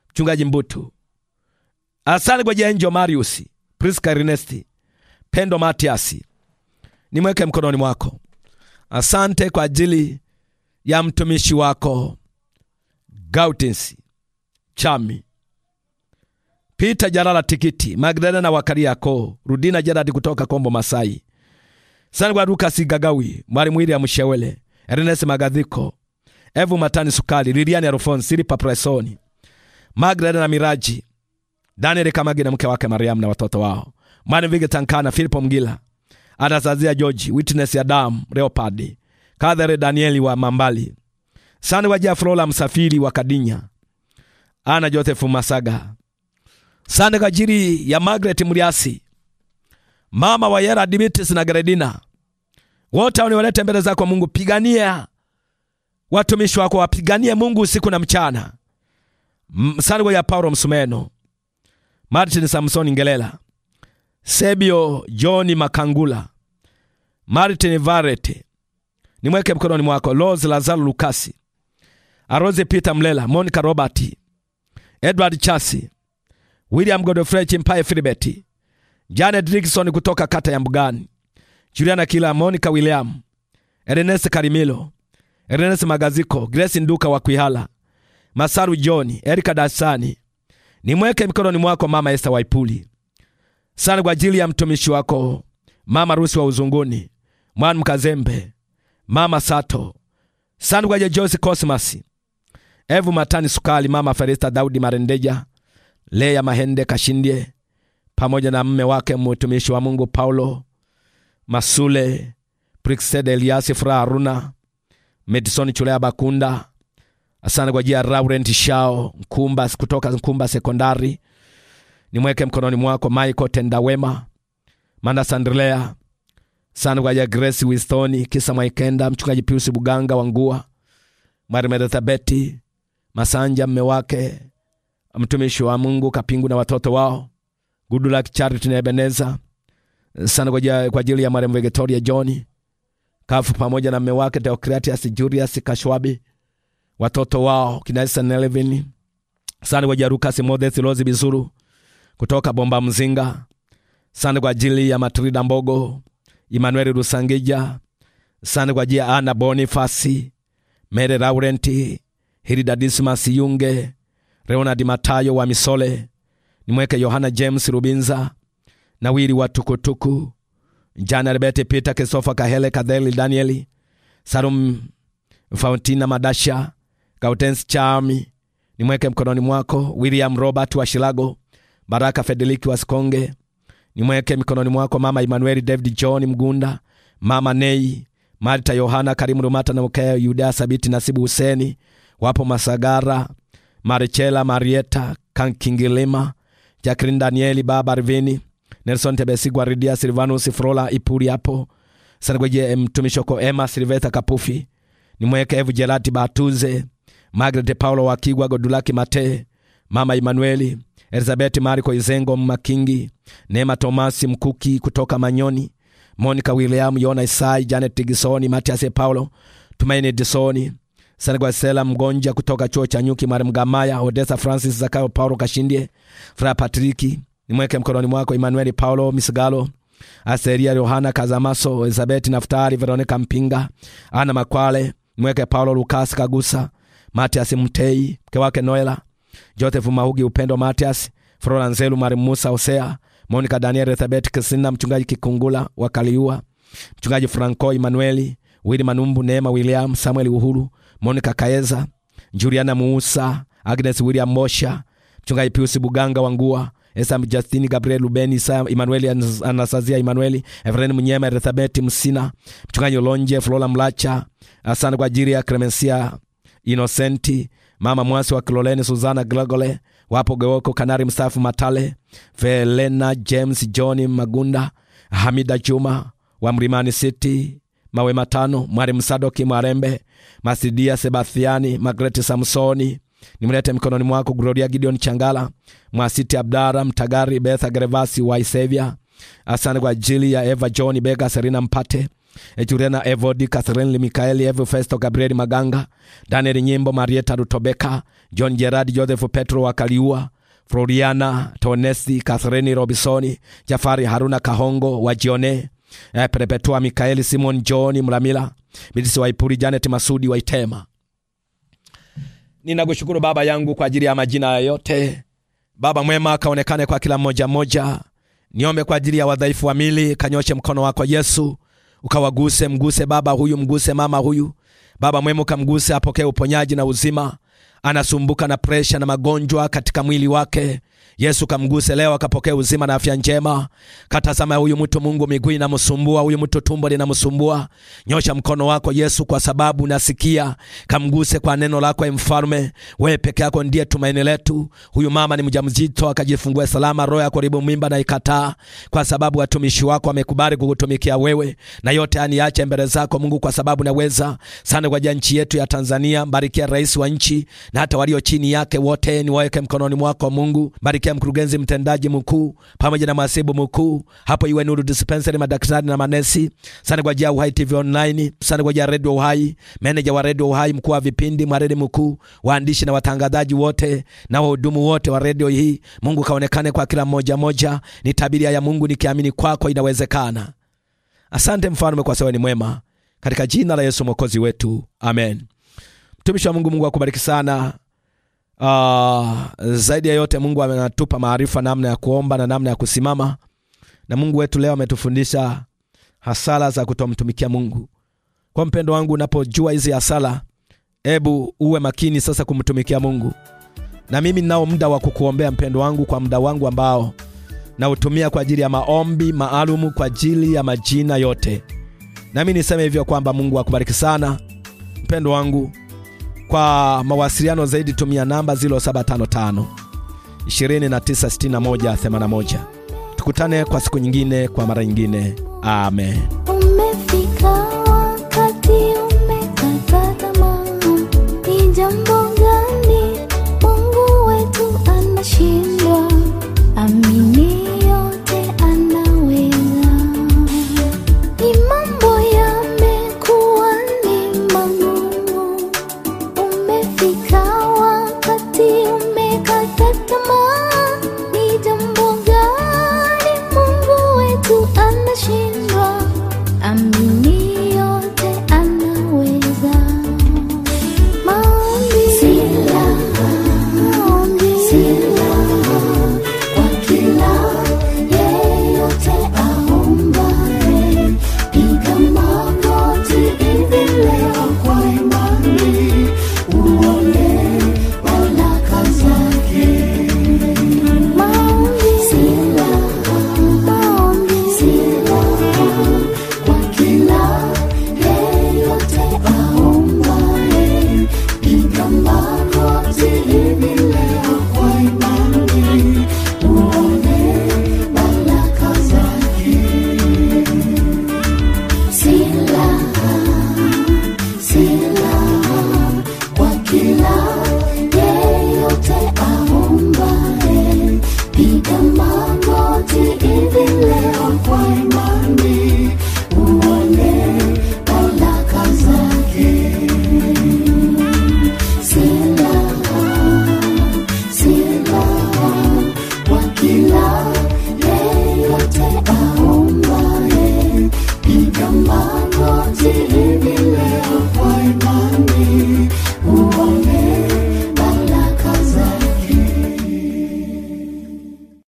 Mchungaji Mbutu, Asante kwa Jenjo Marius, Priska Ernesti, Pendo Matiasi, nimweke mkononi mwako. Asante kwa ajili ya mtumishi wako Gautins Chami, Pita Jarala Tikiti, Magdalena Wakariako, Rudina Jaradi kutoka Kombo Masai. Asante kwa Lukas Gagawi, Mwalimu ya Mshewele, Ernest Magadhiko, Evu Matani Sukali, Liliani Alfonso, Silipa Presoni, Magdalena Miraji Daniel Kamagi na mke wake Mariam na watoto wao, Marvin tankana Filipo Mgila, anasazia George, Witness ya Damu, Leopard, Kathere Danieli wa Mambali, Sani wajia frola Msafiri wa Kadinya, Ana Joseph Masaga, sani kajiri ya Margaret Mliasi, mama wa Yera dimitis na gredina wote uniwalete mbele zako Mungu. Pigania watumishi wako, wapigania Mungu usiku na mchana. sani ya Paulo Msumeno Martin Samson Ngelela, Sebio John Makangula, Martin Varete, nimweke mkononi mwako. Rose Lazaro Lukasi, Arose Peter Mlela, Monica Robert, Edward Chasi, William Godfrey Chimpaye Filibeti, Janet Dickson kutoka kata ya Mbugani, Juliana Kila, Monica William, Ernest Karimilo, Ernest Magaziko, Grace Nduka wa Kuihala, Masaru John, Erika Dasani, Nimweke mikononi mwako Mama Esta Waipuli. Sana kwa ajili ya mtumishi wako Mama Rusi wa Uzunguni, Mwana Mkazembe, Mama Sato. Sana kwa Joyce Cosmas, Evu Matani Sukali, Mama Felista Daudi Marendeja, Leya Mahende Kashindie pamoja na mme wake mtumishi wa Mungu Paulo Masule, Priksede Eliasi, Furaha Aruna, medisoni Chulea Bakunda Asante kwa ajili ya Laurent Shao Mkumba kutoka Mkumba Sekondari, nimweke mkononi mwako Michael Tendawema Manda Sandrea. Asante kwa ajili ya Grace Wistoni Kisa Mwaikenda, mchungaji Pius Buganga Wangua, Mwalimu Elizabeti Masanja, mme wake, mtumishi wa Mungu Kapingu na watoto wao, Good Luck Charity na Ebeneza. Asante kwa ajili ya Marem Victoria John Kafu pamoja na mme wake Deogratias Julius Kashwabi watoto wao kina Sanelevin kwa Wajaruka, Simodesi Lozi bisuru kutoka Bomba Mzinga. Sani kwa ajili ya Matrida Mbogo, Emmanuel Rusangija. Sani kwa ajili ya Ana Bonifasi, Mere Laurenti, Hilda Dismas Yunge, Leonard Matayo wa Misole. Nimweke Yohana James Rubinza na Wili wa Tukutuku, Jana rebete Peter kesofa Kahele Kadheli Danieli Salum Fauntina Madasha Gautens Chami nimweke mkononi mwako, William Robert wa Shilago, Baraka Fedeliki wa Sikonge nimweke mikononi mwako, Mama Emmanuel David John Mgunda, Mama Nei Marta Yohana Karimu Rumata na mkeo Yuda Sabiti Nasibu Huseni, wapo Masagara Marichela Marieta Kankingilima Jacqueline Danieli Baba Rivini Nelson Tebesigwa Ridia Silvanus Frola Ipuri hapo Sargweje eh, mtumishoko Emma Silveta Kapufi nimweke Evu Jerati Batuze Margaret Paulo wa Kigwa, Godulaki Mate, Mama Emanueli, Elizabeth Mariko Izengo Makingi, Neema Tomasi Mkuki kutoka Manyoni, Monica William, Yona Isai, Janet Gisoni, Matias Paulo, Tumaini Disoni, Sanagwasela Mgonja kutoka Chuo cha Nyuki, Gamaya, Odessa Francis, Zakayo Paulo Kashindie, Fra Patriki, nimweke mkononi mwako Emanueli Paulo Misigalo, Aseria Yohana Kazamaso, Elizabeth Naftali, Veronica Mpinga, Ana Makwale, mweke Paulo Lukas Kagusa Matias Mtei, mke wake Noela, Joseph Mahugi, Upendo Matias, Flora Nzelu, Mari Musa, Hosea, Monica Daniel, Elizabeth Kisina, mchungaji Kikungula wa Kaliua, mchungaji Franco Emmanueli, Willy Manumbu, Neema William, Samuel Uhuru, Monica Kaeza, Juliana Musa, Agnes William Mosha, mchungaji Pius Buganga Wangua, Esa Justini Gabriel Lubeni Isa Emmanuel Anasazia Emmanuel Evren Mnyema Elizabeth Msina mchungaji Lonje Flora Mlacha. Asante kwa ajili ya Clemencia Inosenti, mama mwasi wa Kiloleni, Suzana Glagole, wapo Gewoko, kanari mstaafu Matale, Velena James, John Magunda, Hamida Juma wa Mlimani City, mawe matano, Mwalimu Sadoki Mwarembe, Masidia Sebastiani, Magreti Samsoni, nimlete mkononi mwako Gloria Gideon Changala, Mwasiti Abdara Mtagari, Betha Grevasi wa Isevia. Asante kwa ajili ya Eva John Bega, Serina Mpate echurena Evodi, Catherine limikaeli Evu Festo, Gabriel Maganga, Daniel Nyimbo, Marieta Rutobeka, John Gerard, Joseph Petro Wakaliua, Floriana Tonesi, Catherine Robisoni, Jafari Haruna Kahongo Wajione, eh, Perpetua Mikaeli, Simon John Mlamila, Bidisi Waipuri, Janet Masudi Waitema. Ninakushukuru Baba yangu kwa ajili ya majina yote. Baba mwema, kaonekane kwa kila mmoja mmoja. Niombe kwa ajili ya wadhaifu wa mili, kanyoshe mkono wako Yesu ukawaguse. Mguse baba huyu, mguse mama huyu. Baba mwema, ukamguse apokee uponyaji na uzima. Anasumbuka na presha na magonjwa katika mwili wake Yesu kamguse leo akapokea uzima na afya njema. Katazama huyu mtu, Mungu miguu inamsumbua, huyu mtu tumbo linamsumbua. Nyosha mkono wako Yesu, kwa sababu nasikia. Kamguse kwa neno lako, e Mfalme, wewe peke yako ndiye tumaini letu. Huyu mama ni mjamzito akajifungua salama, roho ya karibu mimba na ikataa, kwa sababu watumishi wako wamekubali kukutumikia wewe, na yote aniache mbele zako Mungu, kwa sababu naweza. Sana kwa nchi yetu ya Tanzania, barikia rais wa nchi na hata walio chini yake wote, ni niwaweke mkononi mwako Mungu, barikia ya mkurugenzi mtendaji mkuu pamoja na mhasibu mkuu hapo iwe Nuru Dispensary, madaktari na manesi. Sana kwa ajili ya Uhai TV Online, sana kwa ajili ya Radio Uhai, meneja wa Radio Uhai, mkuu wa vipindi, mhariri mkuu, waandishi na watangazaji wote na wahudumu wote wa radio hii. Mungu kaonekane kwa kila mmoja moja, tabiri ya Mungu nikiamini kwako inawezekana. Asante mfano kwa sawa ni mwema, katika jina la Yesu mwokozi wetu, amen. Mtumishi wa Mungu, Mungu akubariki sana. Uh, zaidi ya yote Mungu anatupa maarifa namna ya kuomba na namna ya kusimama, na Mungu wetu leo ametufundisha hasara za kutomtumikia Mungu. Kwa mpendo wangu, unapojua hizi hasara, ebu uwe makini sasa kumtumikia Mungu. Na mimi ninao muda wa kukuombea mpendo wangu, kwa muda wangu ambao nautumia kwa ajili ya maombi maalumu kwa ajili ya majina yote. Nami niseme hivyo kwamba Mungu akubariki sana mpendo wangu kwa mawasiliano zaidi tumia namba 0755 296181. Tukutane kwa siku nyingine, kwa mara nyingine. Amen. Umefika wakati umekata tamaa, ni jambo